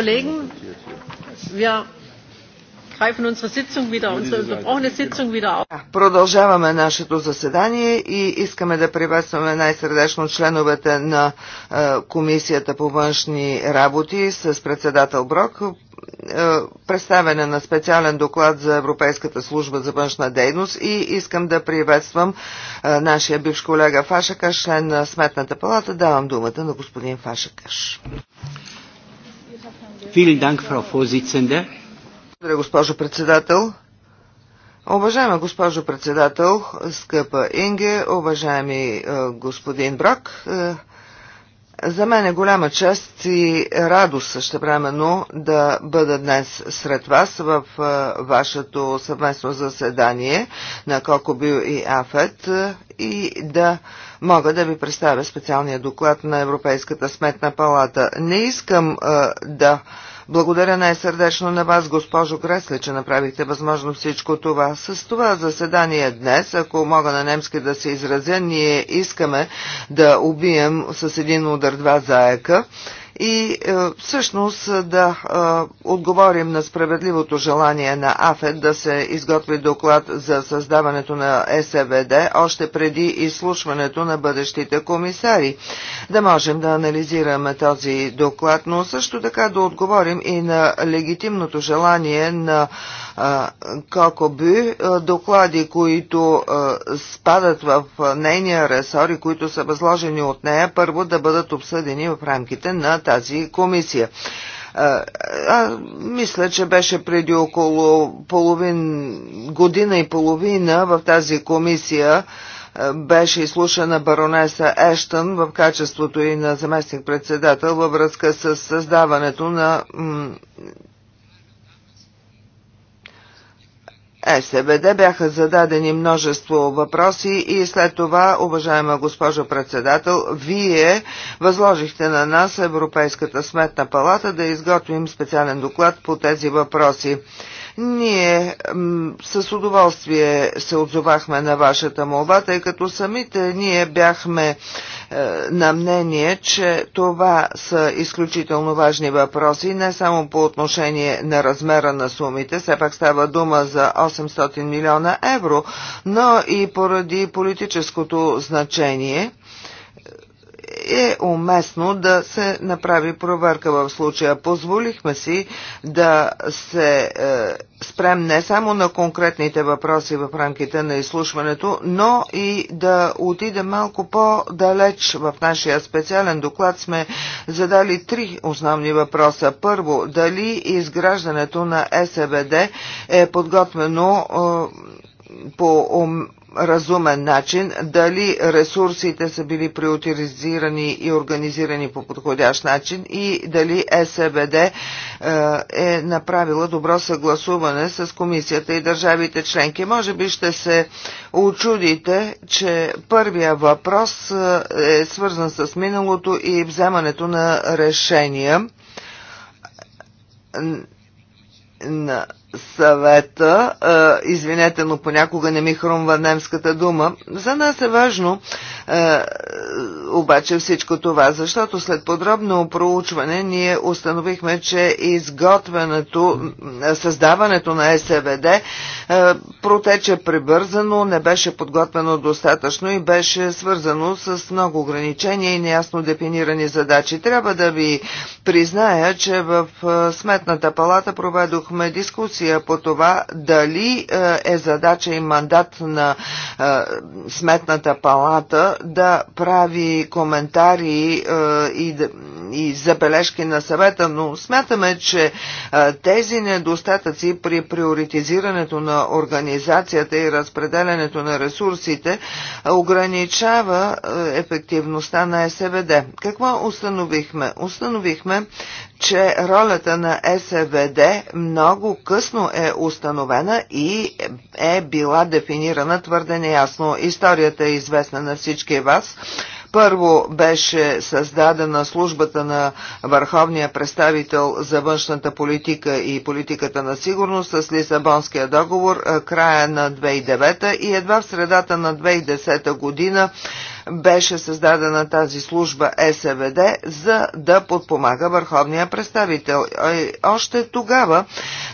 Kollegen, wir Продължаваме нашето заседание и искаме да приветстваме най-сърдечно членовете на е, Комисията по външни работи с председател Брок. Е, представяне на специален доклад за Европейската служба за външна дейност и искам да приветствам е, нашия бивш колега Фашакаш, член на Сметната палата. Давам думата на господин Фашакаш. Благодаря, госпожо председател. Уважаема госпожо председател, скъпа Инге, уважаеми е, господин Брак, е, за мен е голяма чест и радост същевременно да бъда днес сред вас в е, вашето съвместно заседание на Кокобил и Афет и да мога да ви представя специалния доклад на Европейската сметна палата. Не искам а, е, да благодаря най-сърдечно на вас, госпожо Гресле, че направихте възможно всичко това. С това заседание днес, ако мога на немски да се изразя, ние искаме да убием с един удар два заека и е, всъщност е, да е, отговорим на справедливото желание на АФЕД да се изготви доклад за създаването на СВД още преди изслушването на бъдещите комисари. Да можем да анализираме този доклад, но също така да отговорим и на легитимното желание на е, Кокоби, е, доклади, които спадат в нейния ресор и които са възложени от нея, първо да бъдат обсъдени в рамките на тази комисия. А, а, мисля, че беше преди около половин, година и половина в тази комисия беше изслушана баронеса Ештън в качеството и на заместник-председател във връзка с създаването на СБД бяха зададени множество въпроси и след това, уважаема госпожо председател, вие възложихте на нас Европейската сметна палата да изготвим специален доклад по тези въпроси. Ние с удоволствие се отзовахме на вашата молба, тъй като самите ние бяхме е, на мнение, че това са изключително важни въпроси, не само по отношение на размера на сумите, все пак става дума за 800 милиона евро, но и поради политическото значение е уместно да се направи проверка в случая. Позволихме си да се е, спрем не само на конкретните въпроси в рамките на изслушването, но и да отидем малко по-далеч. В нашия специален доклад сме задали три основни въпроса. Първо, дали изграждането на СВД е подготвено е, по разумен начин, дали ресурсите са били приоритизирани и организирани по подходящ начин и дали СБД е, е направила добро съгласуване с комисията и държавите членки. Може би ще се очудите, че първия въпрос е, е свързан с миналото и вземането на решения на съвета, извинете, но понякога не ми хрумва немската дума, за нас е важно е, обаче всичко това, защото след подробно проучване ние установихме, че изготвянето, създаването на СВД е, протече прибързано, не беше подготвено достатъчно и беше свързано с много ограничения и неясно дефинирани задачи. Трябва да ви призная, че в е, Сметната палата проведохме дискусия по това дали е задача и мандат на Сметната палата да прави коментари е, и, и забележки на съвета, но смятаме, че е, тези недостатъци при приоритизирането на организацията и разпределянето на ресурсите е, ограничава ефективността на СВД. Какво установихме? Установихме, че ролята на СВД много късно е установена и е била дефинирана твърде неясно. Историята е известна на всички вас. Първо беше създадена службата на върховния представител за външната политика и политиката на сигурност с Лисабонския договор края на 2009 и едва в средата на 2010 година беше създадена тази служба СВД, за да подпомага върховния представител. Е, още тогава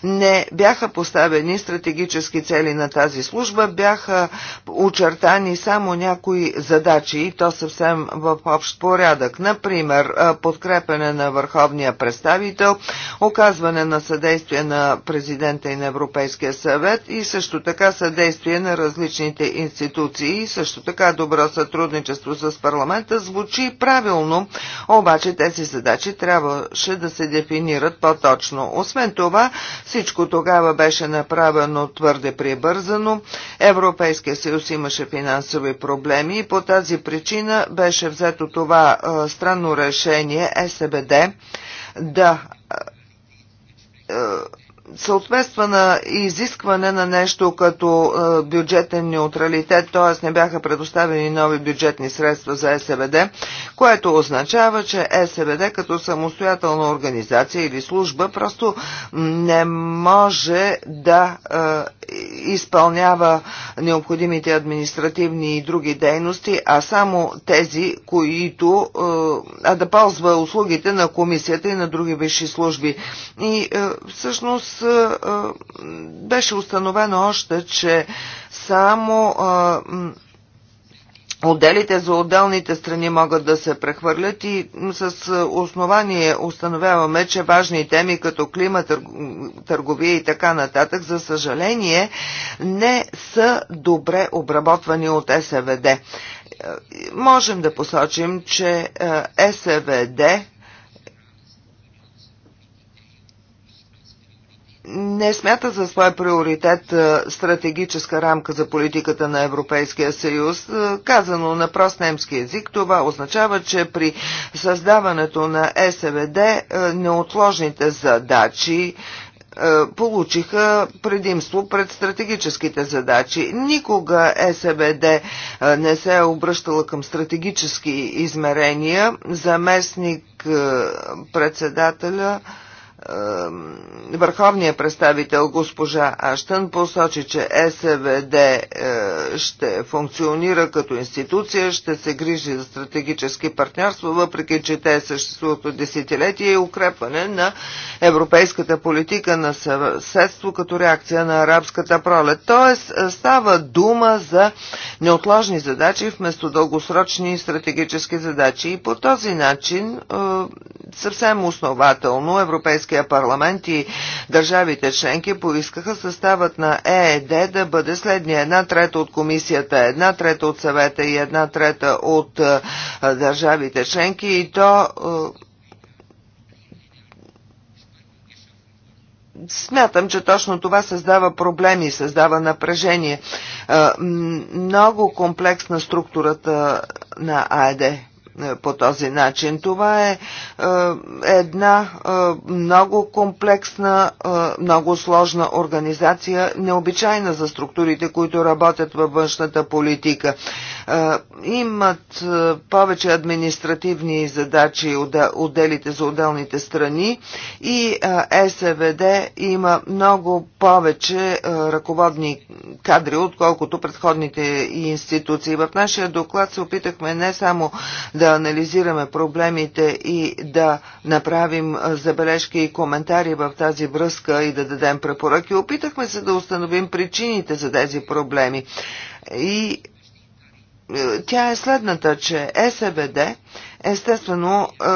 не бяха поставени стратегически цели на тази служба, бяха очертани само някои задачи и то съвсем в общ порядък. Например, е, подкрепене на върховния представител, оказване на съдействие на президента и на Европейския съвет и също така съдействие на различните институции и също така добро сътрудничество сътрудничество с парламента звучи правилно, обаче тези задачи трябваше да се дефинират по-точно. Освен това, всичко тогава беше направено твърде прибързано, Европейския съюз имаше финансови проблеми и по тази причина беше взето това е, странно решение СБД да е, съответства на изискване на нещо като е, бюджетен неутралитет, т.е. не бяха предоставени нови бюджетни средства за СВД, което означава, че СВД като самостоятелна организация или служба просто не може да е, изпълнява необходимите административни и други дейности, а само тези, които е, а да ползва услугите на комисията и на други висши служби. И всъщност беше установено още, че само Отделите за отделните страни могат да се прехвърлят и с основание установяваме, че важни теми като климат, търговия и така нататък, за съжаление, не са добре обработвани от СВД. Е, можем да посочим, че е, СВД не смята за своя приоритет е, стратегическа рамка за политиката на Европейския съюз. Е, казано на прост немски язик, това означава, че при създаването на СВД е, неотложните задачи получиха предимство пред стратегическите задачи. Никога СБД не се е обръщала към стратегически измерения. Заместник председателя е, върховния представител госпожа Аштън посочи, че СВД е, ще функционира като институция, ще се грижи за стратегически партньорства, въпреки че те съществуват от десетилетия и укрепване на европейската политика на съседство като реакция на арабската пролет. Тоест е, става дума за неотложни задачи вместо дългосрочни стратегически задачи и по този начин е, съвсем основателно европейския Европейския парламент и държавите членки поискаха съставът на ЕЕД да бъде следния. Една трета от комисията, една трета от съвета и една трета от е, държавите членки и то е, Смятам, че точно това създава проблеми, създава напрежение. Е, много комплексна структурата на АЕД. Е, по този начин. Това е, е една е, много комплексна, много сложна организация, необичайна за структурите, които работят във външната политика имат повече административни задачи отделите за отделните страни и СВД има много повече ръководни кадри, отколкото предходните институции. В нашия доклад се опитахме не само да анализираме проблемите и да направим забележки и коментари в тази връзка и да дадем препоръки. Опитахме се да установим причините за тези проблеми. И тя е следната, че СВД естествено е,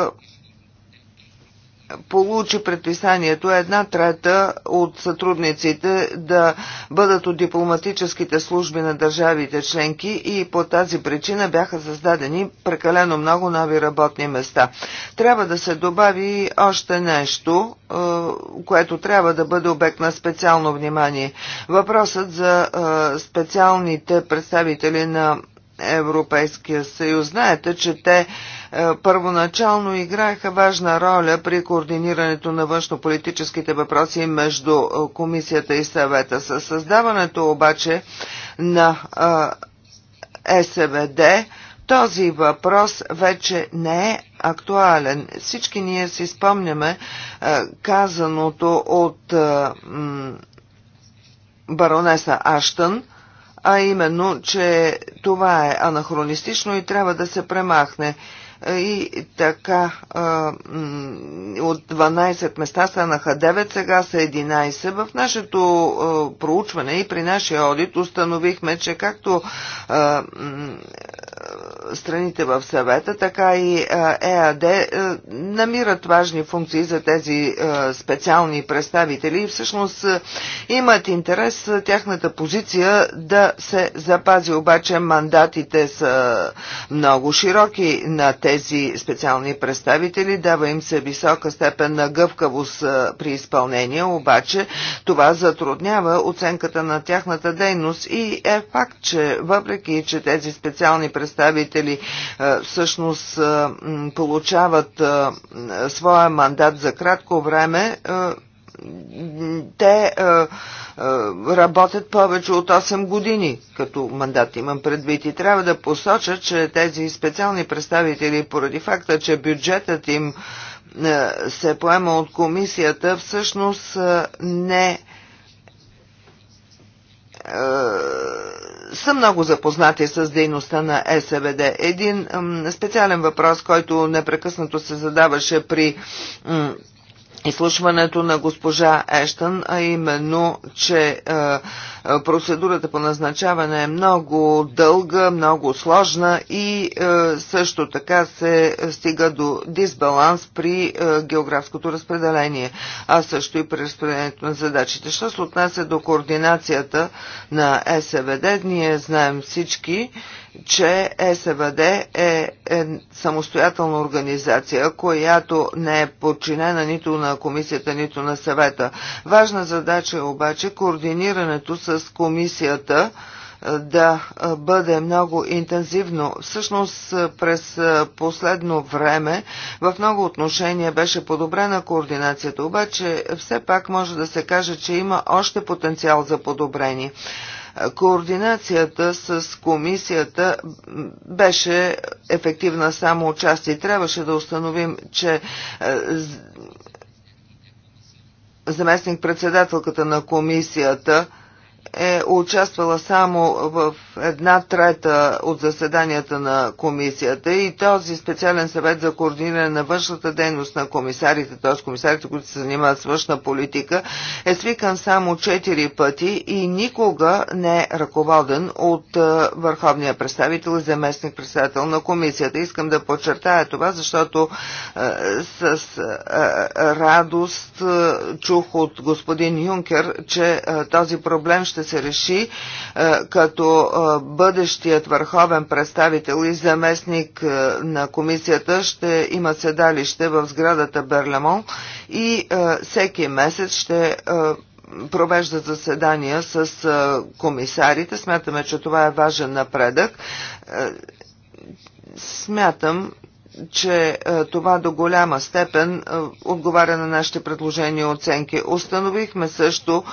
получи предписанието една трета от сътрудниците да бъдат от дипломатическите служби на държавите членки и по тази причина бяха създадени прекалено много нови работни места. Трябва да се добави още нещо, е, което трябва да бъде обект на специално внимание. Въпросът за е, специалните представители на Европейския съюз. Знаете, че те е, първоначално играеха важна роля при координирането на външнополитическите въпроси между е, комисията и съвета. Със създаването обаче на е, СВД този въпрос вече не е актуален. Всички ние си спомняме казаното от баронеса Аштън, а именно, че това е анахронистично и трябва да се премахне. И така от 12 места станаха 9, сега са 11. В нашето проучване и при нашия одит установихме, че както страните в съвета, така и ЕАД е, намират важни функции за тези специални представители и всъщност имат интерес тяхната позиция да се запази, обаче мандатите са много широки на тези специални представители, дава им се висока степен на гъвкавост при изпълнение, обаче това затруднява оценката на тяхната дейност и е факт, че въпреки, че тези специални представители избиратели всъщност получават своя мандат за кратко време, те работят повече от 8 години, като мандат имам предвид и трябва да посоча, че тези специални представители, поради факта, че бюджетът им се поема от комисията, всъщност не е е, са много запознати с дейността на СВД. Един специален въпрос, който непрекъснато се задаваше при изслушването на госпожа Ештън, а именно, че е, е, процедурата по назначаване е много дълга, много сложна и е, също така се стига до дисбаланс при географското разпределение, а също и при разпределението на задачите. Що се отнася до координацията на СВД, ние знаем всички, че СВД е, е самостоятелна организация, която не е подчинена нито на комисията, нито на съвета. Важна задача е обаче координирането с комисията е, да е, бъде много интензивно. Всъщност е, през последно време в много отношения беше подобрена координацията, обаче все пак може да се каже, че има още потенциал за подобрение. Координацията с комисията беше ефективна само отчасти. Трябваше да установим, че е, заместник-председателката на комисията е участвала само в една трета от заседанията на комисията и този специален съвет за координиране на външната дейност на комисарите, т.е. комисарите, които се занимават с външна политика, е свикан само 4 пъти и никога не е ръководен от е, върховния представител и заместник председател на комисията. Искам да подчертая това, защото е, с е, е, радост е, чух от господин Юнкер, че е, този проблем ще се реши е, като е, е, бъдещият върховен представител и заместник е, на комисията ще има седалище в сградата Берлемон и е, всеки месец ще провежда заседания с комисарите. Смятаме, че това е важен напредък. Смятам, че е, това до голяма степен е, отговаря на нашите предложения и оценки. Установихме също,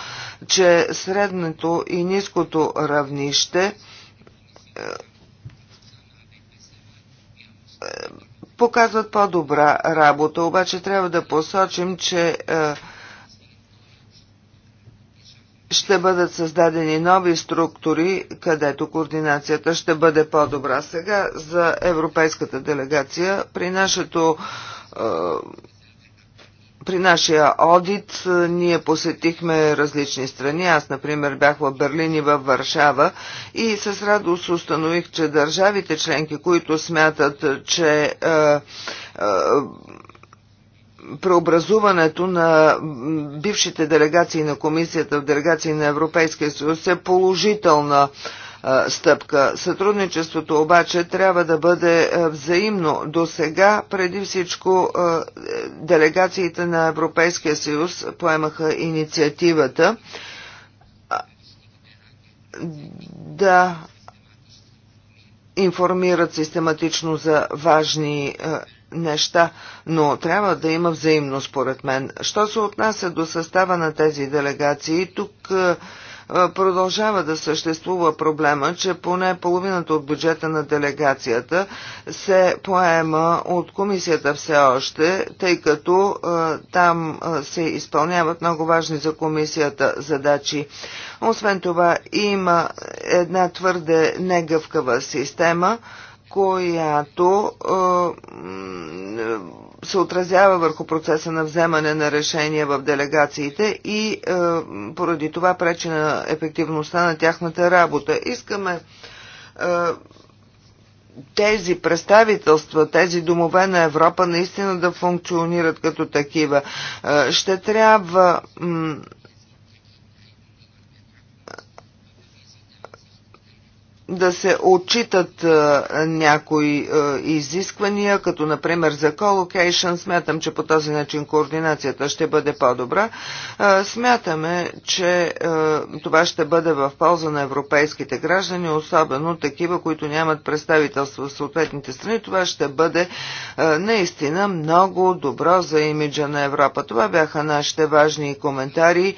че средното и ниското равнище е, показват по-добра работа, обаче трябва да посочим, че е, ще бъдат създадени нови структури, където координацията ще бъде по-добра. Сега за европейската делегация при нашето е, при нашия одит е, ние посетихме различни страни. Аз, например, бях в Берлин и в Варшава и с радост установих, че държавите членки, които смятат, че е, е, преобразуването на бившите делегации на комисията в делегации на Европейския съюз е положителна стъпка. Сътрудничеството обаче трябва да бъде взаимно. До сега, преди всичко, делегациите на Европейския съюз поемаха инициативата да информират систематично за важни неща, но трябва да има взаимно според мен. Що се отнася до състава на тези делегации, тук е, е, продължава да съществува проблема, че поне половината от бюджета на делегацията се поема от комисията все още, тъй като е, там се изпълняват много важни за комисията задачи. Освен това има една твърде негъвкава система, която се отразява върху процеса на вземане на решения в делегациите и поради това пречи на ефективността на тяхната работа. Искаме тези представителства, тези домове на Европа наистина да функционират като такива. Ще трябва да се отчитат а, някои а, изисквания, като например за колокейшн. Смятам, че по този начин координацията ще бъде по-добра. смятаме, че а, това ще бъде в полза на европейските граждани, особено такива, които нямат представителство в съответните страни. Това ще бъде а, наистина много добро за имиджа на Европа. Това бяха нашите важни коментари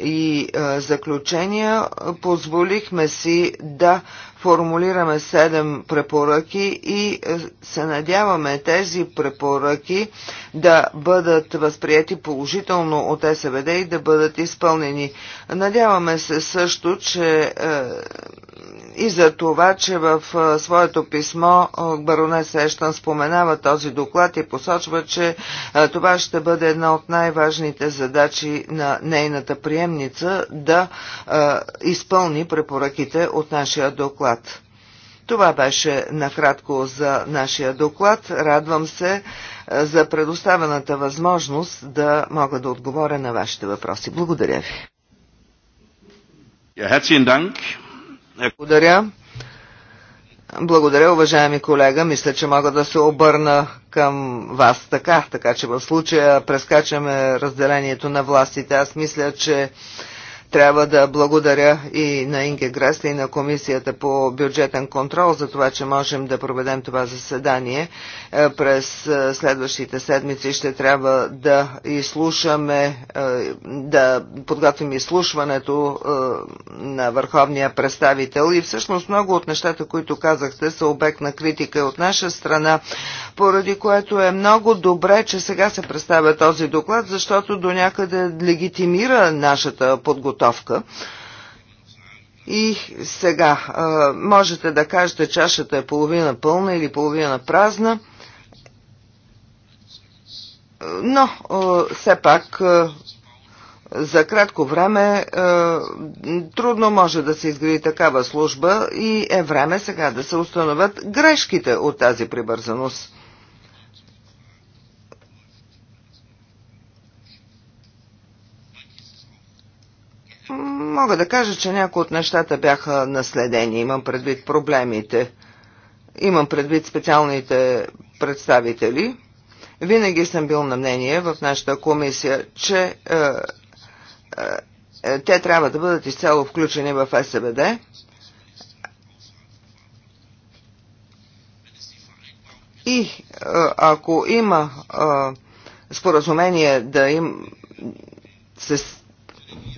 и а, заключения. Позволихме си да формулираме седем препоръки и е, се надяваме тези препоръки да бъдат възприяти положително от СВД и да бъдат изпълнени. Надяваме се също, че е, и за това, че в своето писмо баронес Ещан споменава този доклад и посочва, че това ще бъде една от най-важните задачи на нейната приемница да изпълни препоръките от нашия доклад. Това беше накратко за нашия доклад. Радвам се за предоставената възможност да мога да отговоря на вашите въпроси. Благодаря ви. Ja, herzlichen Dank. Благодаря. Благодаря, уважаеми колега. Мисля, че мога да се обърна към вас така, така че в случая прескачаме разделението на властите. Аз мисля, че трябва да благодаря и на Инге Греста и на Комисията по бюджетен контрол за това, че можем да проведем това заседание. Е, през е, следващите седмици ще трябва да изслушаме, е, да подготвим изслушването на върховния представител и всъщност много от нещата, които казахте, са обект на критика от наша страна, поради което е много добре, че сега се представя този доклад, защото до някъде легитимира нашата подготовка подготовка. И сега можете да кажете, чашата е половина пълна или половина празна, но все пак за кратко време трудно може да се изгради такава служба и е време сега да се установят грешките от тази прибързаност. мога да кажа, че някои от нещата бяха наследени. Имам предвид проблемите. Имам предвид специалните представители. Винаги съм бил на мнение в нашата комисия, че е, е, е те трябва да бъдат изцяло включени в СБД. И е, ако има е, споразумение да им се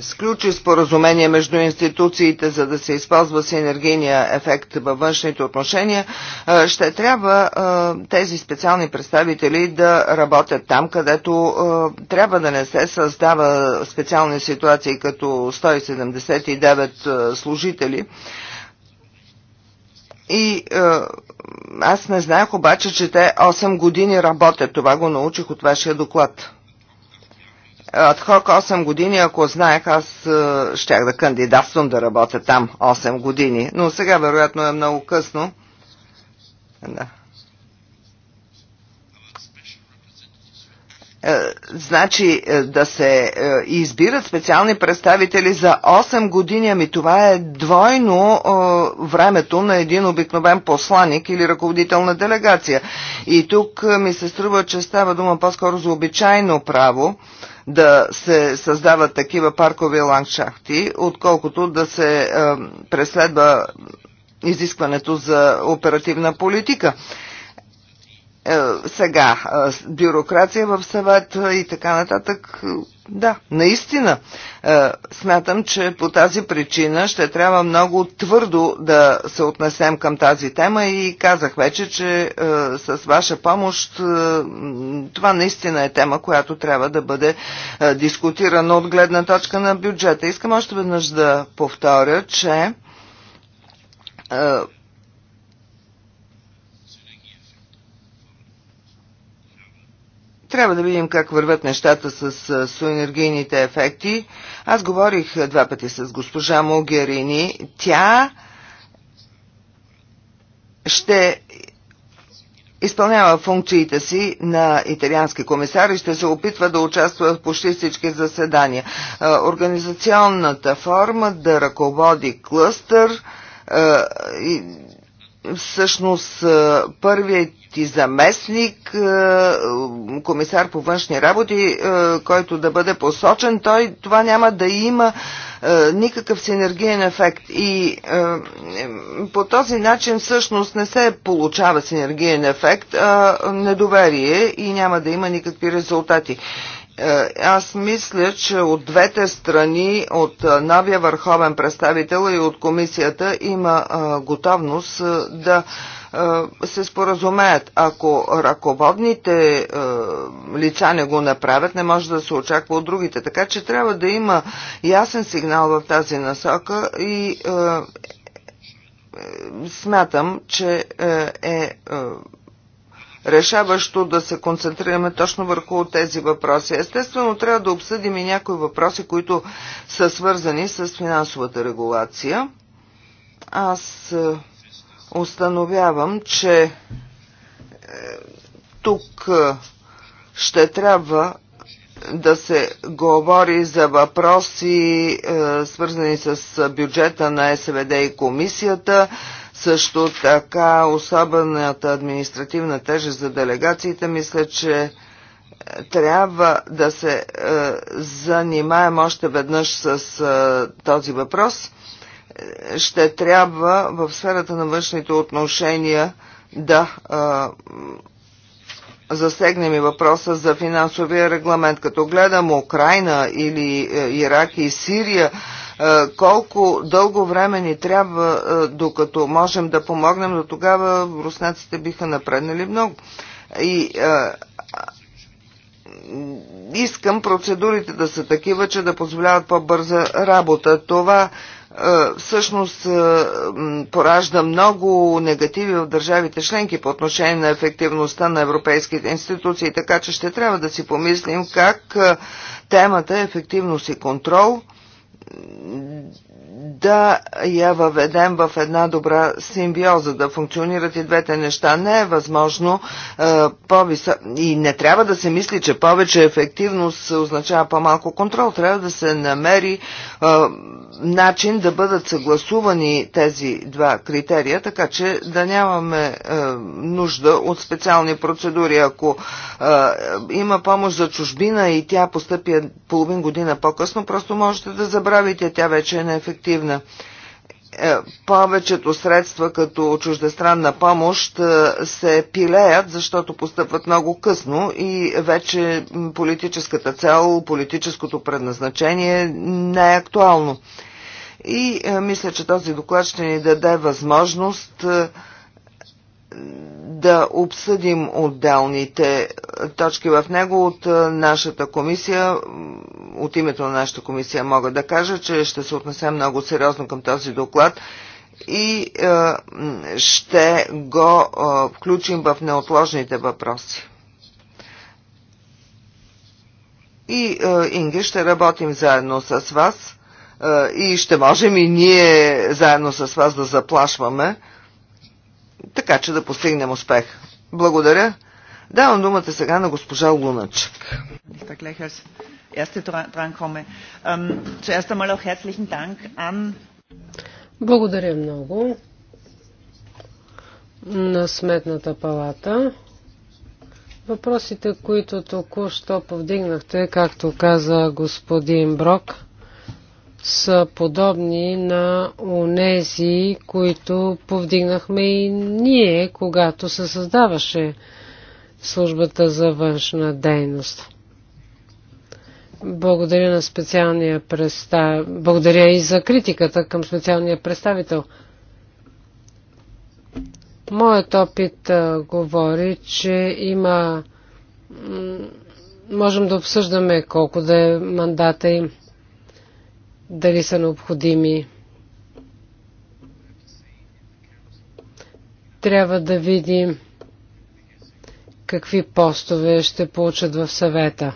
сключи споразумение между институциите, за да се използва синергийния ефект във външните отношения, ще трябва тези специални представители да работят там, където трябва да не се създава специални ситуации като 179 служители. И аз не знаех обаче, че те 8 години работят. Това го научих от вашия доклад. Адхок 8 години, ако знаех, аз щях да кандидатствам да работя там 8 години. Но сега вероятно е много късно. Да. Е, значи е, да се е, избират специални представители за 8 години, ами това е двойно времето на един обикновен посланик или ръководител на делегация. И тук ми се струва, че става дума по-скоро за обичайно право да се създават такива паркови ландшафти, отколкото да се е, преследва изискването за оперативна политика. Е, сега, е, бюрокрация в съвет и така нататък, да, наистина. Е, смятам, че по тази причина ще трябва много твърдо да се отнесем към тази тема и казах вече, че е, с ваша помощ е, това наистина е тема, която трябва да бъде дискутирана от гледна точка на бюджета. Искам още веднъж да повторя, че Трябва да видим как върват нещата с суенергийните ефекти. Аз говорих два пъти с госпожа Могерини. Тя ще изпълнява функциите си на италиански комисар и ще се опитва да участва в почти всички заседания. Е, организационната форма да ръководи клъстър е, всъщност е, първият ти заместник, е, комисар по външни работи, е, който да бъде посочен, той това няма да има е, никакъв синергиен ефект. И по този начин всъщност не се получава синергиен ефект, а недоверие и няма да има никакви резултати. Е, аз мисля, че от двете страни, от е, новия върховен представител и от комисията има е, готовност да се споразумеят. Ако ръководните лица не го направят, не може да се очаква от другите. Така че трябва да има ясен сигнал в тази насока и смятам, че е решаващо да се концентрираме точно върху тези въпроси. Естествено, трябва да обсъдим и някои въпроси, които са свързани с финансовата регулация. Аз е, установявам, че е, тук е, ще трябва да се говори за въпроси, свързани с бюджета на СВД и комисията, също така особената административна тежест за делегациите мисля, че е, трябва да се е, занимаем още веднъж с е, този въпрос. Е, ще трябва в сферата на външните отношения да е, засегнем и въпроса за финансовия регламент. Като гледам Украина или е, Ирак и Сирия, е, колко дълго време ни трябва, е, докато можем да помогнем, до тогава руснаците биха напреднали много. И е, искам процедурите да са такива, че да позволяват по-бърза работа. Това всъщност поражда много негативи в държавите членки по отношение на ефективността на европейските институции, така че ще трябва да си помислим как темата ефективност и контрол – да я въведем в една добра симбиоза, да функционират и двете неща. Не е възможно е, повиса... и не трябва да се мисли, че повече ефективност означава по-малко контрол. Трябва да се намери е, начин да бъдат съгласувани тези два критерия, така че да нямаме е, нужда от специални процедури. Ако е, има помощ за чужбина и тя постъпи е половин година по-късно, просто можете да забравите, тя вече е неефективна. Е, повечето средства като чуждестранна помощ е, се пилеят, защото постъпват много късно и вече политическата цел, политическото предназначение не е актуално. И е, мисля, че този доклад ще ни даде възможност да обсъдим отделните точки в него от е, нашата комисия. От името на нашата комисия мога да кажа, че ще се отнесем много сериозно към този доклад и е, ще го е, включим в неотложните въпроси. И Инги Инге ще работим заедно с вас и ще можем и ние заедно с вас да заплашваме така че да постигнем успех. Благодаря. Давам думата сега на госпожа Луначък. Благодаря много на Сметната палата. Въпросите, които току-що повдигнахте, както каза господин Брок, са подобни на онези, които повдигнахме и ние, когато се създаваше службата за външна дейност. Благодаря на специалния представител. Благодаря и за критиката към специалния представител. Моят опит а, говори, че има. можем да обсъждаме колко да е мандата им дали са необходими. Трябва да видим какви постове ще получат в съвета.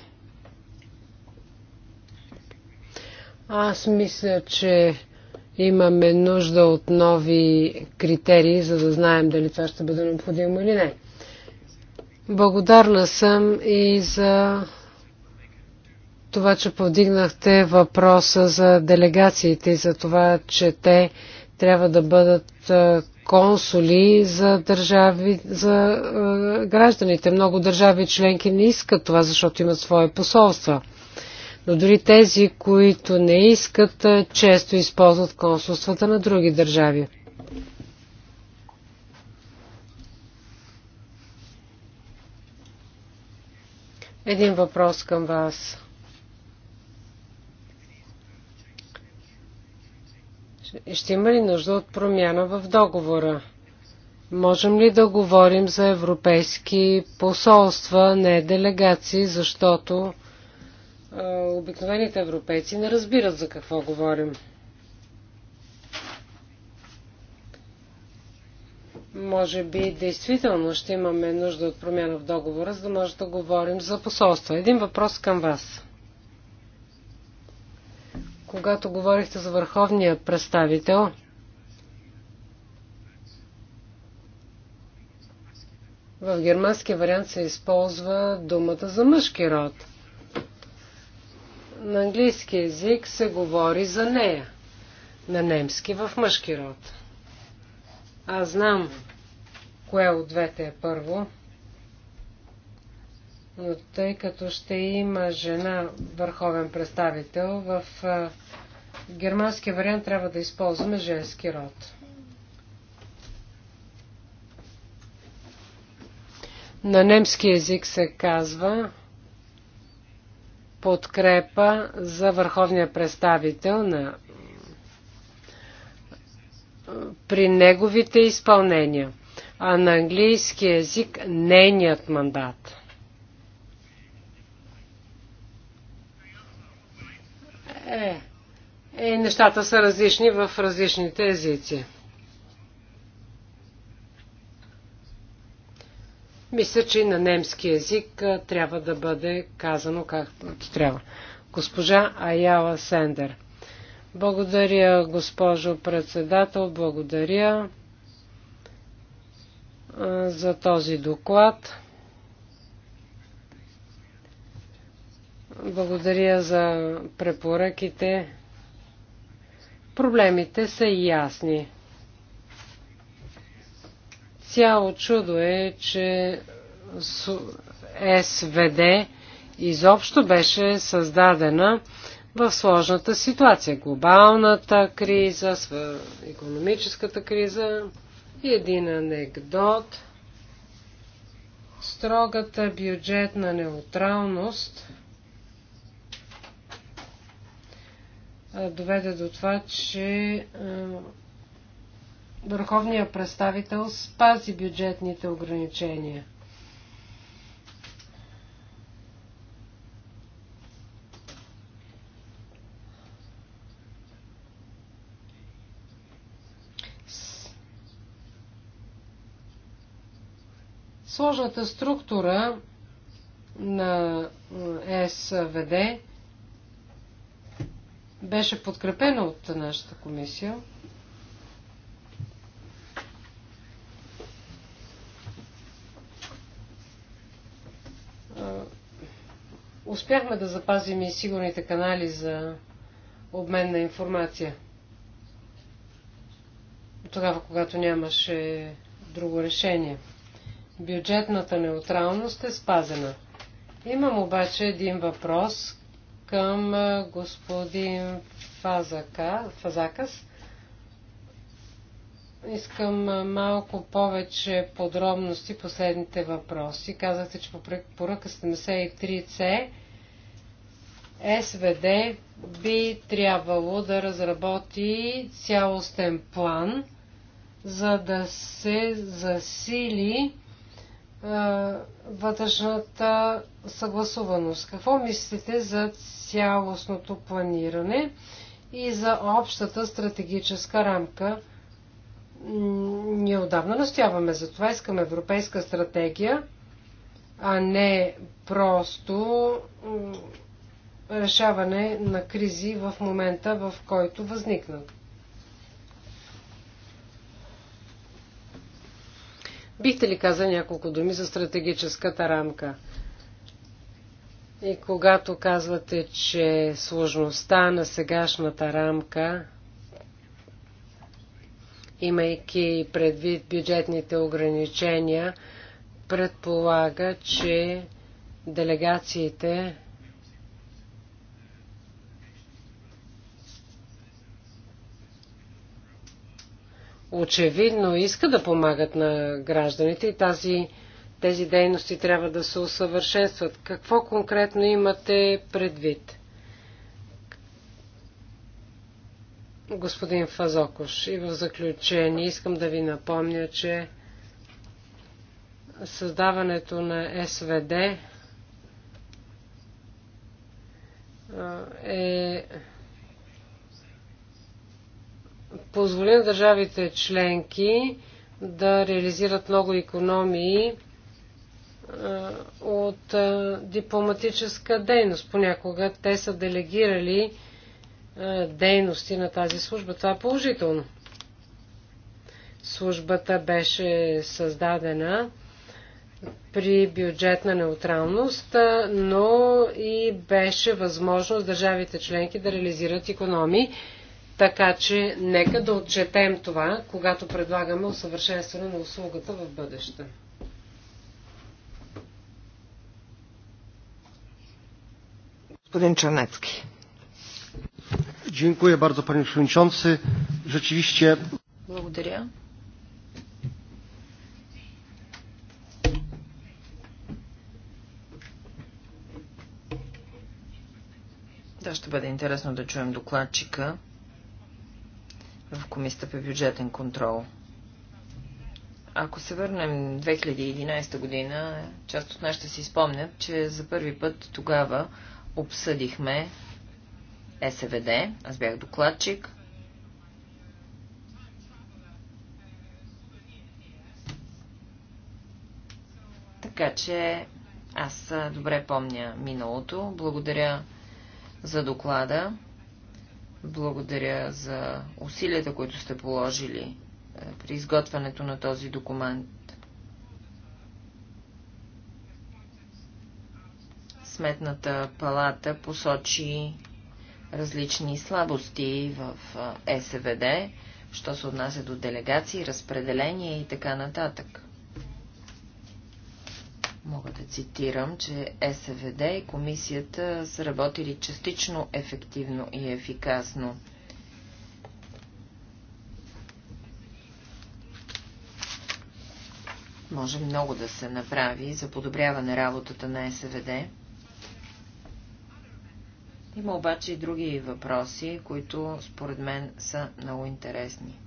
Аз мисля, че имаме нужда от нови критерии, за да знаем дали това ще бъде необходимо или не. Благодарна съм и за това, че повдигнахте въпроса за делегациите и за това, че те трябва да бъдат консули за държави, за гражданите. Много държави членки не искат това, защото имат свои посолства. Но дори тези, които не искат, често използват консулствата на други държави. Един въпрос към вас. Ще има ли нужда от промяна в договора? Можем ли да говорим за европейски посолства, не делегации, защото е, обикновените европейци не разбират за какво говорим? Може би действително ще имаме нужда от промяна в договора, за да може да говорим за посолства. Един въпрос към вас когато говорихте за върховния представител, в германския вариант се използва думата за мъжки род. На английски язик се говори за нея. На немски в мъжки род. Аз знам кое от двете е първо тъй като ще има жена върховен представител, в германския вариант трябва да използваме женски род. На немски язик се казва подкрепа за върховния представител на при неговите изпълнения, а на английски язик нейният мандат. Е, е, нещата са различни в различните езици. Мисля, че и на немски език трябва да бъде казано както трябва. Госпожа Аяла Сендер. Благодаря, госпожо председател, благодаря за този доклад. Благодаря за препоръките. Проблемите са ясни. Цяло чудо е, че СВД изобщо беше създадена в сложната ситуация. Глобалната криза, економическата криза и един анекдот. Строгата бюджетна неутралност – доведе до това, че върховният представител спази бюджетните ограничения. Сложната структура на СВД беше подкрепена от нашата комисия. Успяхме да запазим и сигурните канали за обмен на информация. Тогава, когато нямаше друго решение. Бюджетната неутралност е спазена. Имам обаче един въпрос към господин Фазака, Фазакас. Искам малко повече подробности последните въпроси. Казахте, че по поръка 73C СВД би трябвало да разработи цялостен план, за да се засили вътрешната съгласуваност. Какво мислите за цялостното планиране и за общата стратегическа рамка. Ние отдавна настояваме за това. искам европейска стратегия, а не просто решаване на кризи в момента, в който възникнат. Бихте ли каза няколко думи за стратегическата рамка? И когато казвате, че сложността на сегашната рамка, имайки предвид бюджетните ограничения, предполага, че делегациите очевидно иска да помагат на гражданите и тази тези дейности трябва да се усъвършенстват. Какво конкретно имате предвид? Господин Фазокош, и в заключение искам да ви напомня, че създаването на СВД е позволи на държавите членки да реализират много економии е, от е, дипломатическа дейност. Понякога те са делегирали е, дейности на тази служба. Това е положително. Службата беше създадена при бюджетна неутралност, но и беше възможност държавите членки да реализират економии. Така че нека да отчетем това, когато предлагаме усъвършенстване на услугата в бъдеще. Господин Чернецки. Дякую bardzo, panie Шунчонци. Rzeczywiście. Благодаря. Да, ще бъде интересно да чуем докладчика в Комисията по бюджетен контрол. Ако се върнем 2011 година, част от нас ще си спомнят, че за първи път тогава обсъдихме СВД, аз бях докладчик. Така че аз добре помня миналото. Благодаря за доклада. Благодаря за усилията, които сте положили е, при изготвянето на този документ. Сметната палата посочи различни слабости в СВД, що се отнася до делегации, разпределение и така нататък. Мога да цитирам, че СВД и комисията са работили частично ефективно и ефикасно. Може много да се направи за подобряване работата на СВД има обаче и други въпроси, които според мен са много интересни.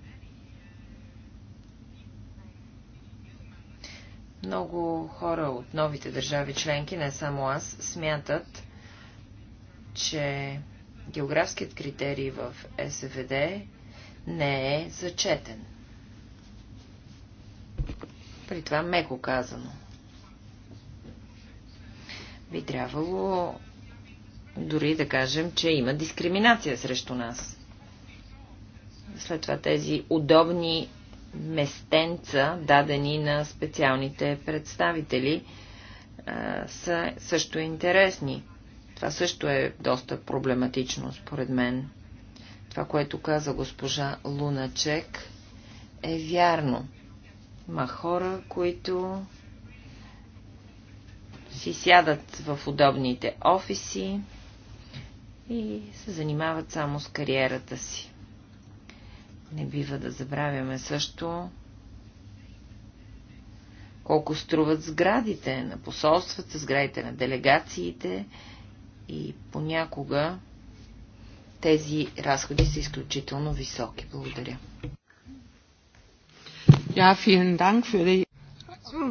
Много хора от новите държави членки, не само аз, смятат, че географският критерий в СВД не е зачетен. При това меко казано. Би трябвало дори да кажем, че има дискриминация срещу нас. След това тези удобни местенца, дадени на специалните представители, са също интересни. Това също е доста проблематично, според мен. Това, което каза госпожа Луначек, е вярно. Има хора, които си сядат в удобните офиси и се занимават само с кариерата си. Не бива да забравяме също колко струват сградите на посолствата, сградите на делегациите и понякога тези разходи са изключително високи. Благодаря.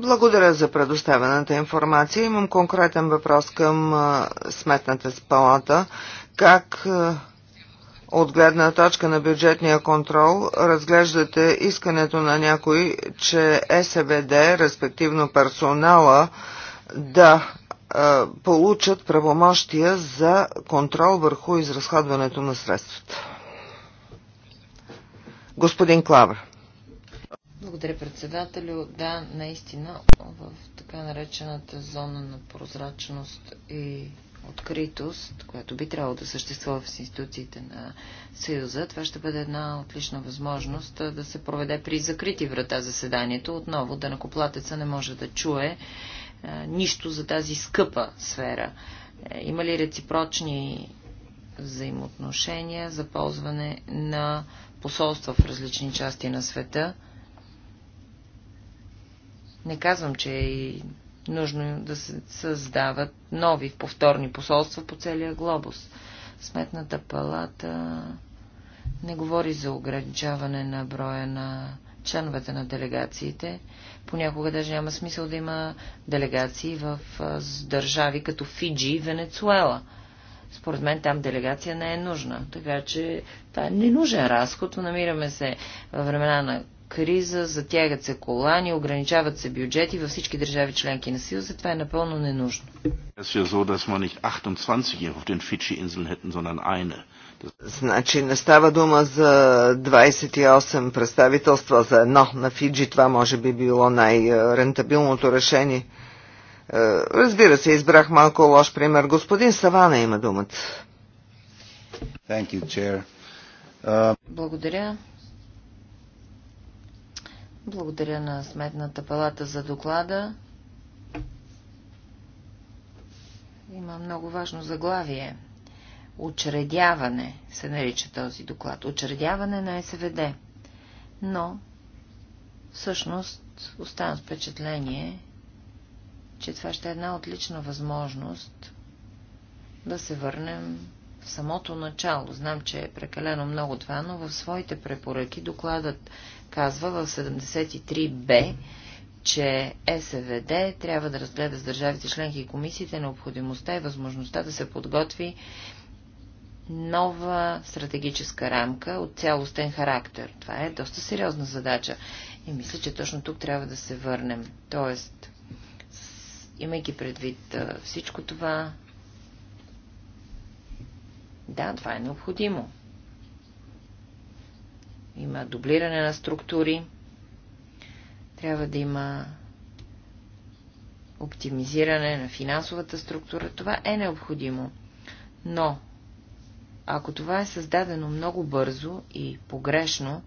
Благодаря за предоставената информация. Имам конкретен въпрос към Сметната спалата. Как е, от гледна точка на бюджетния контрол разглеждате искането на някой, че СВД, респективно персонала, да е, получат правомощия за контрол върху изразходването на средствата. Господин Клавър. Благодаря, председателю. Да, наистина, в така наречената зона на прозрачност и откритост, която би трябвало да съществува в институциите на Съюза, това ще бъде една отлична възможност да се проведе при закрити врата заседанието. Отново да накоплатеца не може да чуе а, нищо за тази скъпа сфера. Е, има ли реципрочни взаимоотношения за ползване на посолства в различни части на света? Не казвам, че е и Нужно е да се създават нови повторни посолства по целия глобус. Сметната палата не говори за ограничаване на броя на членовете на делегациите. Понякога даже няма смисъл да има делегации в държави като Фиджи и Венецуела. Според мен там делегация не е нужна. Така че това е ненужен разход. Намираме се във времена на криза, затягат се колани, ограничават се бюджети във всички държави членки на Съюза. Това е напълно ненужно. Значи не става дума за 28 представителства за едно на Фиджи. Това може би било най-рентабилното решение. Е, разбира се, избрах малко лош пример. Господин Савана има думата. Благодаря. Благодаря на Сметната палата за доклада. Има много важно заглавие. Учредяване се нарича този доклад. Учредяване на СВД. Но, всъщност, оставам с впечатление, че това ще е една отлична възможност да се върнем в самото начало. Знам, че е прекалено много това, но в своите препоръки докладът казва в 73б, че СВД трябва да разгледа с държавите членки и комисиите необходимостта и възможността да се подготви нова стратегическа рамка от цялостен характер. Това е доста сериозна задача и мисля, че точно тук трябва да се върнем. Тоест, имайки предвид всичко това, да, това е необходимо. Има дублиране на структури. Трябва да има оптимизиране на финансовата структура. Това е необходимо. Но, ако това е създадено много бързо и погрешно,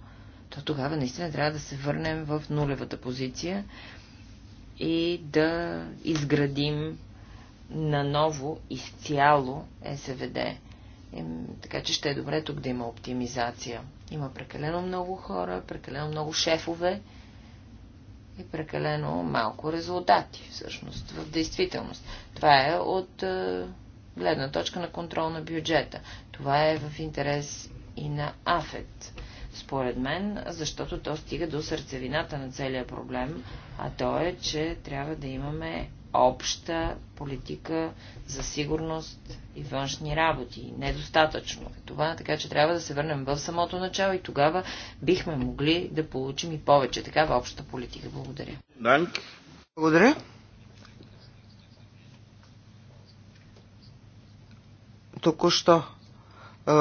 то тогава наистина трябва да се върнем в нулевата позиция и да изградим наново изцяло СВД. Така че ще е добре тук да има оптимизация. Има прекалено много хора, прекалено много шефове и прекалено малко резултати, всъщност, в действителност. Това е от е, гледна точка на контрол на бюджета. Това е в интерес и на АФЕТ, според мен, защото то стига до сърцевината на целия проблем, а то е, че трябва да имаме обща политика за сигурност и външни работи. Недостатъчно е това, така че трябва да се върнем в самото начало и тогава бихме могли да получим и повече такава обща политика. Благодаря. Данк. Благодаря. Току-що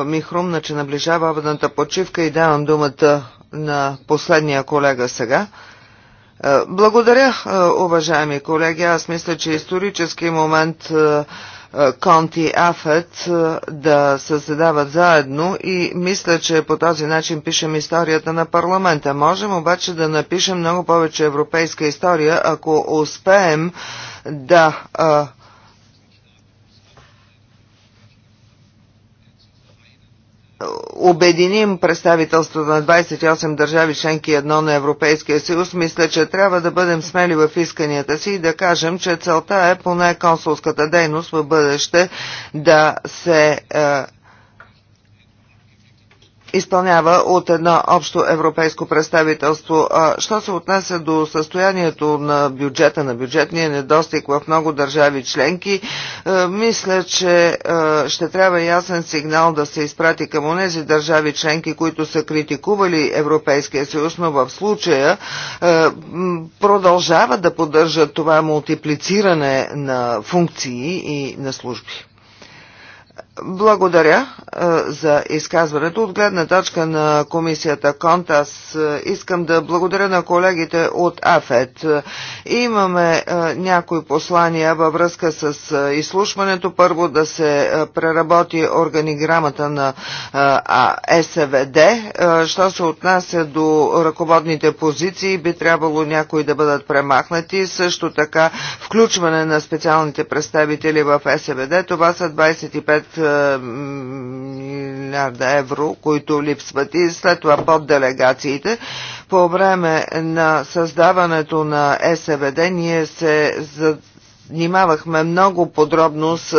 ми хрумна, че наближава обедната почивка и давам думата на последния колега сега. Е, благодаря, е, уважаеми колеги. Аз мисля, че исторически момент е, Конти Афет да създават заедно и мисля, че по този начин пишем историята на парламента. Можем обаче да напишем много повече европейска история, ако успеем да а, обединим представителството на 28 държави членки едно на Европейския съюз, мисля, че трябва да бъдем смели в исканията си и да кажем, че целта е поне консулската дейност в бъдеще да се е, изпълнява от едно общо европейско представителство. Що се отнася до състоянието на бюджета, на бюджетния недостиг в много държави членки, мисля, че ще трябва ясен сигнал да се изпрати към онези държави членки, които са критикували Европейския съюз, но в случая продължават да поддържат това мултиплициране на функции и на служби. Благодаря е, за изказването. От гледна точка на комисията Контас е, искам да благодаря на колегите от АФЕД. Имаме е, някои послания във връзка с изслушването. Първо да се преработи органиграмата на СВД. Що се отнася до ръководните позиции, би трябвало някои да бъдат премахнати. Също така включване на специалните представители в СВД. Това са 25 е, милиарда евро, които липсват и след това под делегациите. По време на създаването на СВД ние се занимавахме много подробно с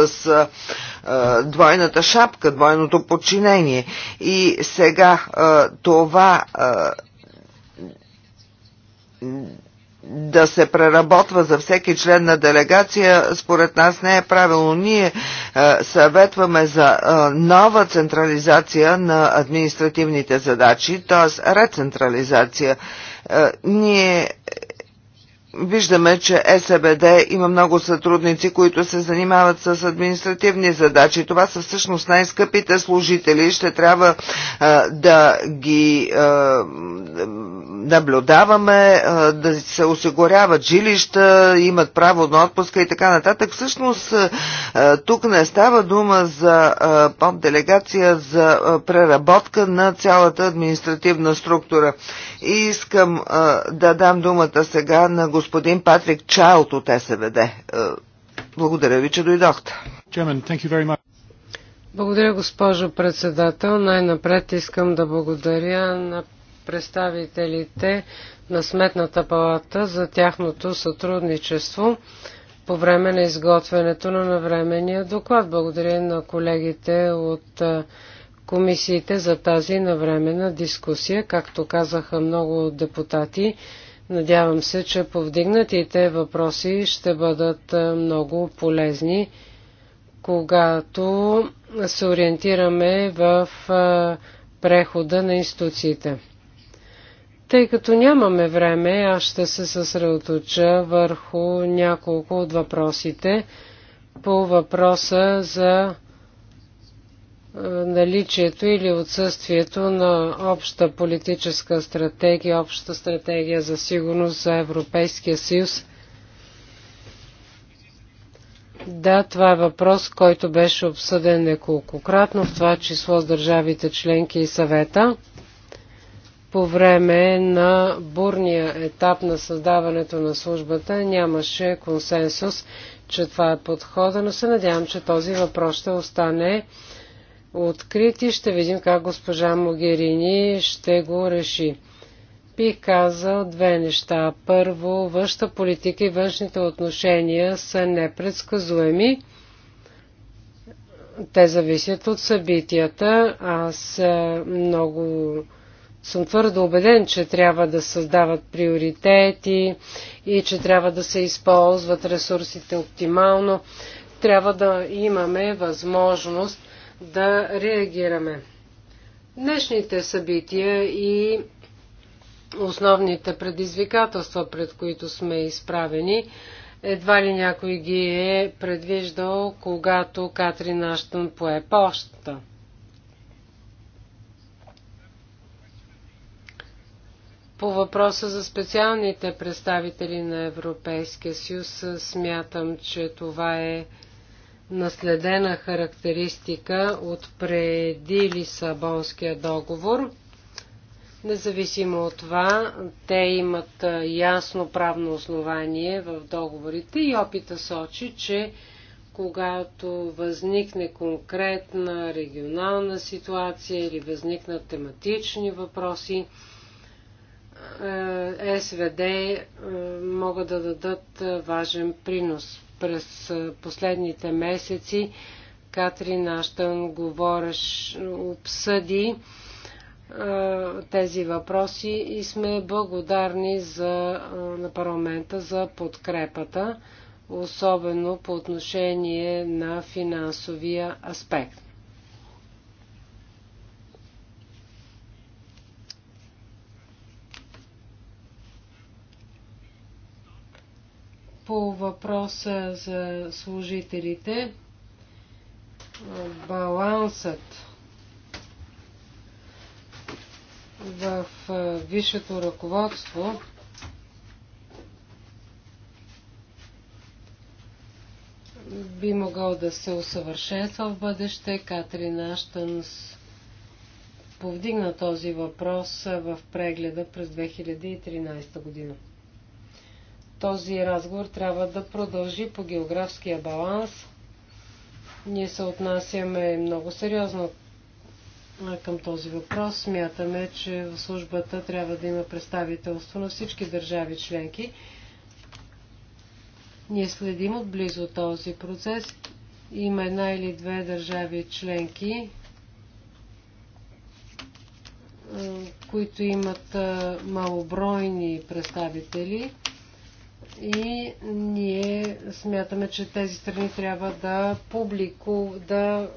е, двойната шапка, двойното подчинение. И сега е, това да се преработва за всеки член на делегация, според нас не е правилно. Ние е, съветваме за е, нова централизация на административните задачи, т.е. рецентрализация. Е, ние виждаме, че СБД има много сътрудници, които се занимават с административни задачи. Това са всъщност най-скъпите служители. Ще трябва а, да ги а, наблюдаваме, а, да се осигуряват жилища, имат право на отпуска и така нататък. Всъщност а, тук не става дума за а, подделегация, за а, преработка на цялата административна структура. И искам а, да дам думата сега на господин господин Патрик Чайлд от СВД. Е, благодаря ви, че дойдохте. Благодаря, госпожо председател. Най-напред искам да благодаря на представителите на Сметната палата за тяхното сътрудничество по време на изготвянето на навременния доклад. Благодаря на колегите от е, комисиите за тази навременна дискусия. Както казаха много депутати, Надявам се, че повдигнатите въпроси ще бъдат много полезни, когато се ориентираме в прехода на институциите. Тъй като нямаме време, аз ще се съсредоточа върху няколко от въпросите по въпроса за е, наличието или отсъствието на обща политическа стратегия, обща стратегия за сигурност за Европейския съюз. Да, това е въпрос, който беше обсъден неколкократно, в това число с държавите членки и съвета. По време на бурния етап на създаването на службата нямаше консенсус, че това е подхода, но се надявам, че този въпрос ще остане открити. Ще видим как госпожа Могерини ще го реши. Бих казал две неща. Първо, външната политика и външните отношения са непредсказуеми. Те зависят от събитията. Аз е, много съм твърдо убеден, че трябва да създават приоритети и че трябва да се използват ресурсите оптимално. Трябва да имаме възможност да реагираме. Днешните събития и основните предизвикателства, пред които сме изправени, едва ли някой ги е предвиждал, когато Катрин Аштън пое пощата. По въпроса за специалните представители на Европейския съюз, смятам, че това е наследена характеристика от преди Лисабонския договор. Независимо от това, те имат ясно правно основание в договорите и опита сочи, че когато възникне конкретна регионална ситуация или възникнат тематични въпроси, е, СВД е, могат да дадат е, важен принос. През последните месеци Катрин Аштън говореш, обсъди тези въпроси и сме благодарни за, на парламента за подкрепата, особено по отношение на финансовия аспект. по въпроса за служителите, балансът в висшето ръководство би могъл да се усъвършенства в бъдеще. Катрин Аштънс повдигна този въпрос в прегледа през 2013 година. Този разговор трябва да продължи по географския баланс. Ние се отнасяме много сериозно към този въпрос. Смятаме, че в службата трябва да има представителство на всички държави членки. Ние следим отблизо този процес. Има една или две държави членки, които имат малобройни представители и ние смятаме, че тези страни трябва да публику, да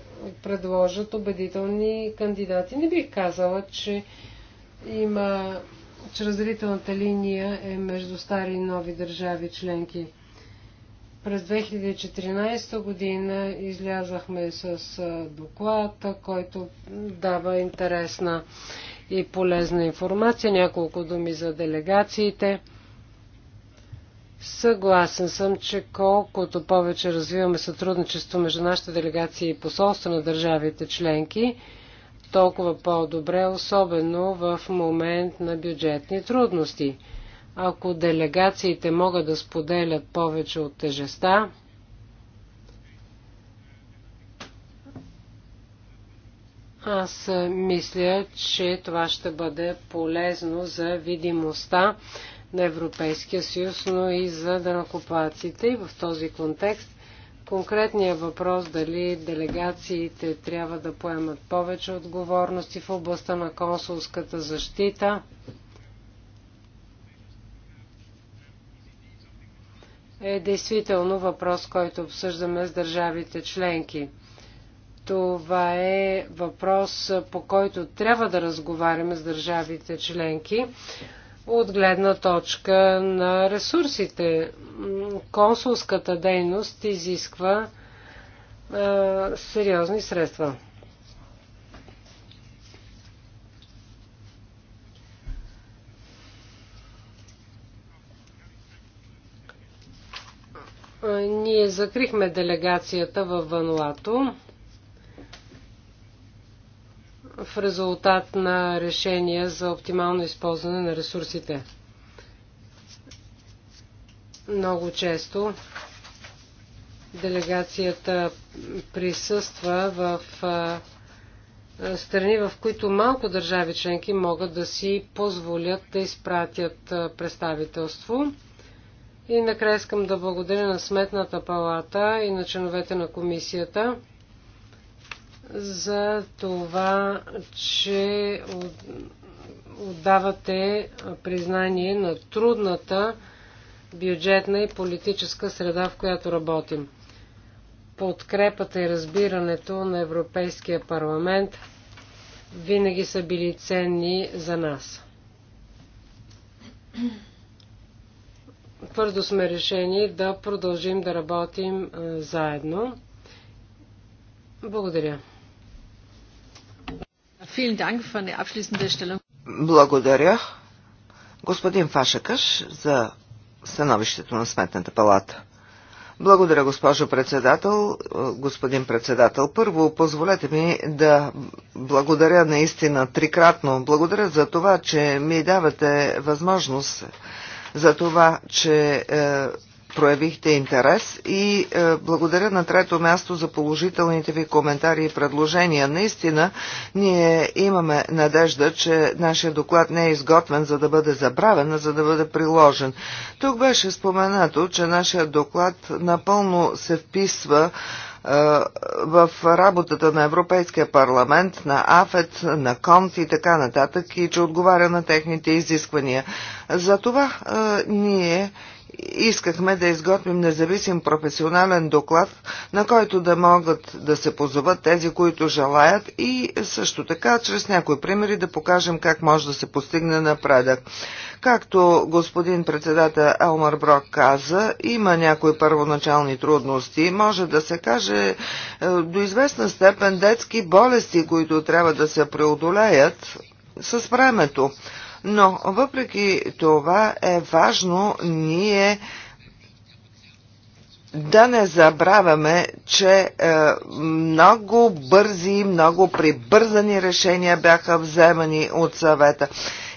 предложат убедителни кандидати. Не бих казала, че има, че разделителната линия е между стари и нови държави членки. През 2014 година излязахме с доклад, който дава интересна и полезна информация. Няколко думи за делегациите. Съгласен съм, че колкото повече развиваме сътрудничество между нашите делегации и посолства на държавите членки, толкова по-добре, особено в момент на бюджетни трудности. Ако делегациите могат да споделят повече от тежеста, аз мисля, че това ще бъде полезно за видимостта на Европейския съюз, но и за данакоплаците. И в този контекст конкретния въпрос дали делегациите трябва да поемат повече отговорности в областта на консулската защита. е действително въпрос, който обсъждаме с държавите членки. Това е въпрос, по който трябва да разговаряме с държавите членки от гледна точка на ресурсите. Консулската дейност изисква е, сериозни средства. Е, ние закрихме делегацията в Вануато в резултат на решения за оптимално използване на ресурсите. Много често делегацията присъства в страни, в които малко държави членки могат да си позволят да изпратят представителство. И накрая искам да благодаря на Сметната палата и на членовете на комисията за това, че отдавате признание на трудната бюджетна и политическа среда, в която работим. Подкрепата и разбирането на Европейския парламент винаги са били ценни за нас. Твърдо сме решени да продължим да работим заедно. Благодаря. Благодаря, господин Фашакаш, за становището на Сметната палата. Благодаря, госпожо председател. Господин председател, първо позволете ми да благодаря наистина трикратно. Благодаря за това, че ми давате възможност за това, че е, проявихте интерес и е, благодаря на трето място за положителните ви коментари и предложения. Наистина, ние имаме надежда, че нашия доклад не е изготвен за да бъде забравен, а за да бъде приложен. Тук беше споменато, че нашия доклад напълно се вписва е, в работата на Европейския парламент, на АФЕТ, на КОНТ и така нататък и че отговаря на техните изисквания. За това е, ние искахме да изготвим независим професионален доклад, на който да могат да се позоват тези, които желаят и също така чрез някои примери да покажем как може да се постигне напредък. Както господин председател Елмар Брок каза, има някои първоначални трудности. Може да се каже е, до известна степен детски болести, които трябва да се преодолеят с времето. Но въпреки това е важно ние да не забравяме, че е, много бързи, много прибързани решения бяха вземани от съвета.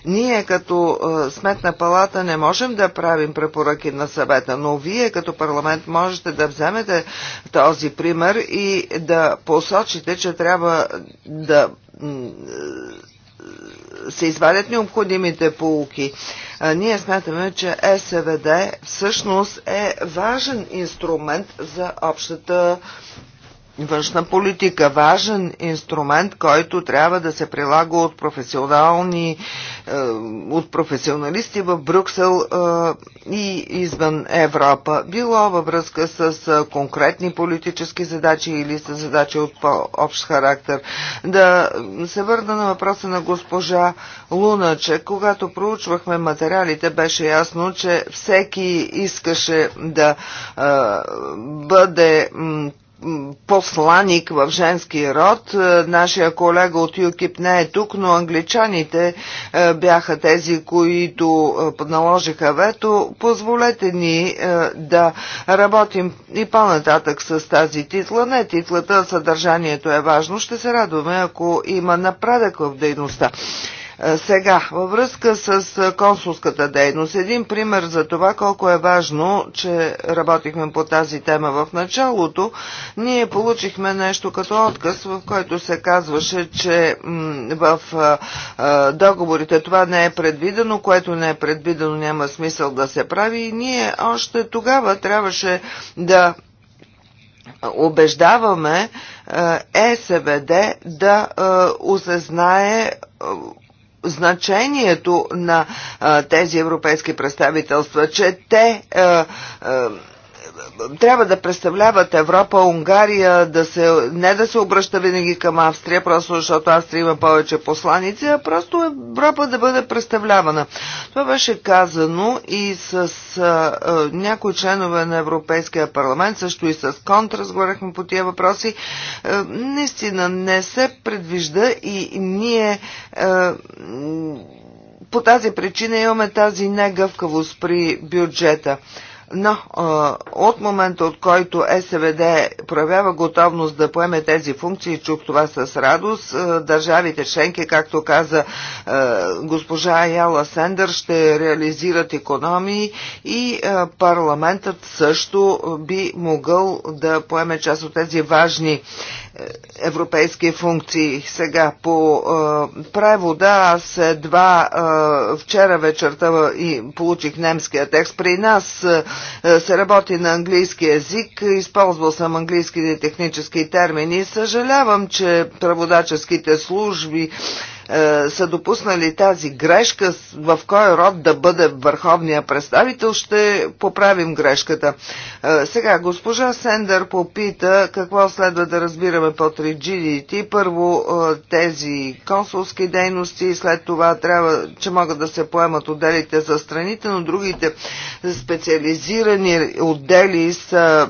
Ние като е, сметна палата не можем да правим препоръки на съвета, но вие като парламент можете да вземете този пример и да посочите, че трябва да се извадят необходимите полуки. Ние смятаме, че СВД всъщност е важен инструмент за общата външна политика. Важен инструмент, който трябва да се прилага от професионални, е, от професионалисти в Брюксел е, и извън Европа. Било във връзка с е, конкретни политически задачи или с задачи от по-общ характер. Да се върна на въпроса на госпожа Луначе. Когато проучвахме материалите, беше ясно, че всеки искаше да бъде посланик в женски род. Е, нашия колега от ЮКИП не е тук, но англичаните е, бяха тези, които е, наложиха вето. Позволете ни да работим и по-нататък с тази титла. Не титлата, съдържанието е важно. Ще се радваме, ако има напредък в дейността. Е, сега, във връзка с е, консулската дейност, един пример за това колко е важно, че работихме по тази тема в началото, ние получихме нещо като отказ, в който се казваше, че в е, договорите това не е предвидено, което не е предвидено няма смисъл да се прави и ние още тогава трябваше да убеждаваме ЕСВД да осъзнае значението на тези европейски представителства, че те трябва да представляват Европа, Унгария, да се, не да се обръща винаги към Австрия, просто защото Австрия има повече посланици, а просто Европа да бъде представлявана. Това беше казано и с а, а, някои членове на Европейския парламент, също и с Конт разговаряхме по тия въпроси. А, наистина не се предвижда и ние а, по тази причина имаме тази негъвкавост при бюджета. Но от момента, от който СВД проявява готовност да поеме тези функции, чух това с радост, държавите членки, както каза госпожа Яла Сендър, ще реализират економии и парламентът също би могъл да поеме част от тези важни европейски функции. Сега по е, превода аз едва е, вчера вечерта и получих немския текст. При нас е, е се работи на английски язик, използвал съм английските технически термини. Съжалявам, че преводаческите служби е, е, са допуснали тази грешка, в кой род да бъде върховния представител, ще поправим грешката. Е, сега, госпожа Сендър попита какво следва да разбираме под rigidity. Първо е, тези консулски дейности, след това трябва, че могат да се поемат отделите за страните, но другите специализирани отдели са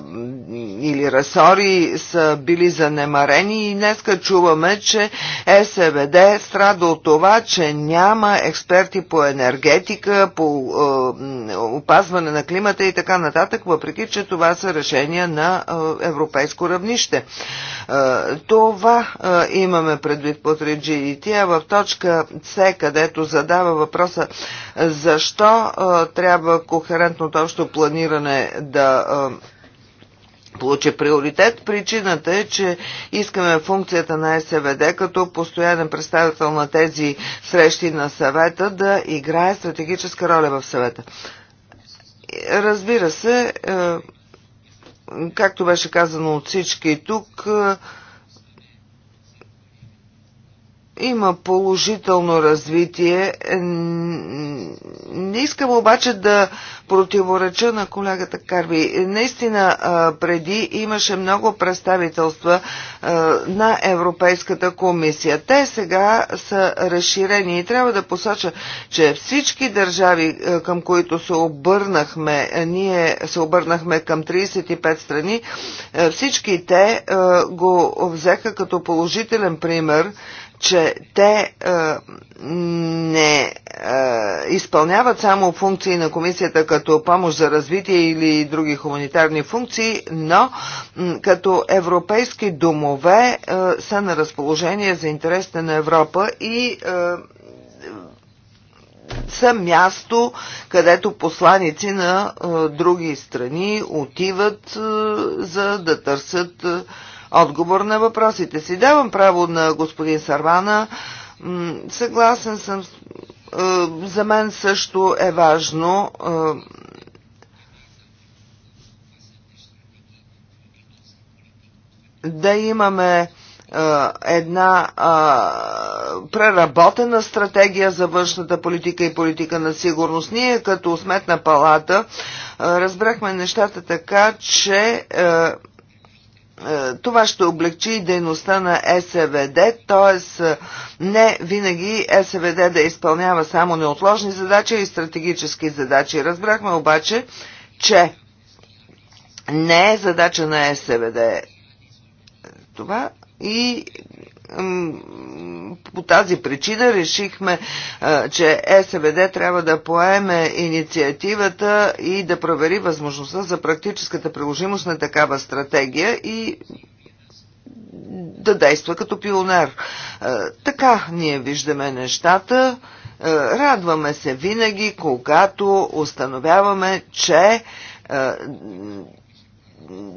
или ресори са били занемарени и днеска чуваме, че СВД страна до това, че няма експерти по енергетика, по е, опазване на климата и така нататък, въпреки че това са решения на е, европейско равнище. Е, това е, имаме предвид под реджиите, а в точка С, където задава въпроса защо е, трябва кохерентното общо планиране да. Е, получи приоритет. Причината е, че искаме функцията на СВД като постоянен представител на тези срещи на съвета да играе стратегическа роля в съвета. Разбира се, е, както беше казано от всички тук, е, има положително развитие. Не искам обаче да противореча на колегата Карби. Наистина преди имаше много представителства на Европейската комисия. Те сега са разширени и трябва да посоча, че всички държави, към които се обърнахме, ние се обърнахме към 35 страни, всички те го взеха като положителен пример че те е, не е, изпълняват само функции на комисията като помощ за развитие или други хуманитарни функции, но като европейски домове е, са на разположение за интересите на Европа и е, са място, където посланици на е, други страни отиват е, за да търсят е, отговор на въпросите си. Давам право на господин Сарвана. Съгласен съм. Е, за мен също е важно е, да имаме е, една а, преработена стратегия за външната политика и политика на сигурност. Ние като сметна палата а, разбрахме нещата така, че а, е, това ще облегчи дейността на СВД, т.е. не винаги СВД да изпълнява само неотложни задачи и стратегически задачи. Разбрахме обаче, че не е задача на СВД това и по тази причина решихме, че СВД трябва да поеме инициативата и да провери възможността за практическата приложимост на такава стратегия и да действа като пионер. Така ние виждаме нещата. Радваме се винаги, когато установяваме, че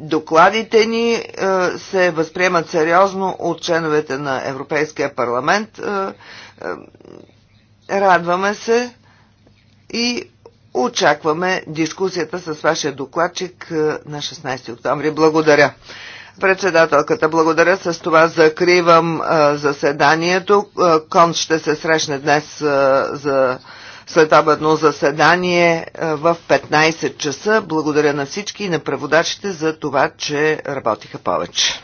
докладите ни е, се възприемат сериозно от членовете на Европейския парламент. Е, е, радваме се и очакваме дискусията с вашия докладчик на 16 октомври. Благодаря. Председателката, благодаря. С това закривам заседанието. Кон ще се срещне днес за следобедно заседание е, в 15 часа. Благодаря на всички и на преводачите за това, че работиха повече.